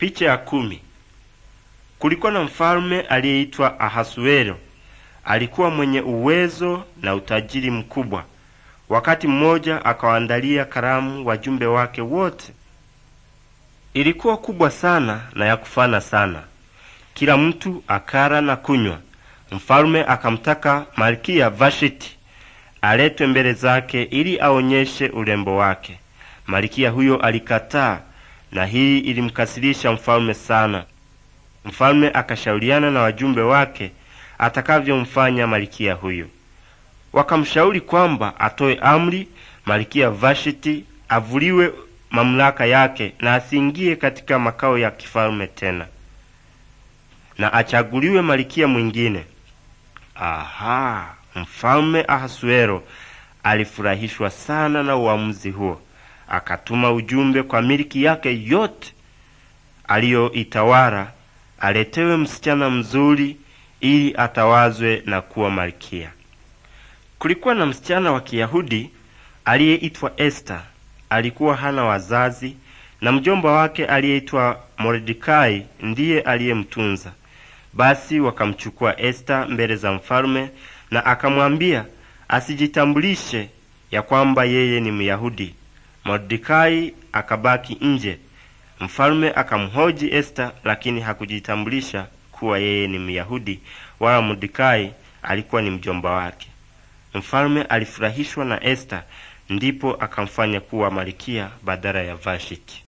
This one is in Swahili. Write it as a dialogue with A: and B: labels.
A: Picha ya kumi. Kulikuwa na mfalme aliyeitwa Ahasuero. Alikuwa mwenye uwezo na utajiri mkubwa. Wakati mmoja akawaandalia karamu wajumbe wake wote. Ilikuwa kubwa sana na ya kufana sana. Kila mtu akara na kunywa. Mfalme akamtaka Malkia Vashiti aletwe mbele zake ili aonyeshe urembo wake. Malkia huyo alikataa na hii ilimkasirisha mfalme sana. Mfalme akashauriana na wajumbe wake atakavyomfanya malikia huyo. Wakamshauri kwamba atoe amri malikia Vashiti avuliwe mamlaka yake na asiingie katika makao ya kifalme tena, na achaguliwe malikia mwingine. Aha, mfalme Ahasuero alifurahishwa sana na uamuzi huo akatuma ujumbe kwa miliki yake yote aliyoitawala aletewe msichana mzuri ili atawazwe na kuwa malikia Kulikuwa na msichana wa Kiyahudi aliyeitwa Esta. Alikuwa hana wazazi na mjomba wake aliyeitwa Mordekai ndiye aliyemtunza. Basi wakamchukua Esta mbele za mfalme, na akamwambia asijitambulishe ya kwamba yeye ni Myahudi, Mordekai akabaki nje. Mfalme akamhoji Esta, lakini hakujitambulisha kuwa yeye ni Myahudi wala Mordekai alikuwa ni mjomba wake. Mfalme alifurahishwa na Esta, ndipo akamfanya kuwa malikia badala ya Vashti.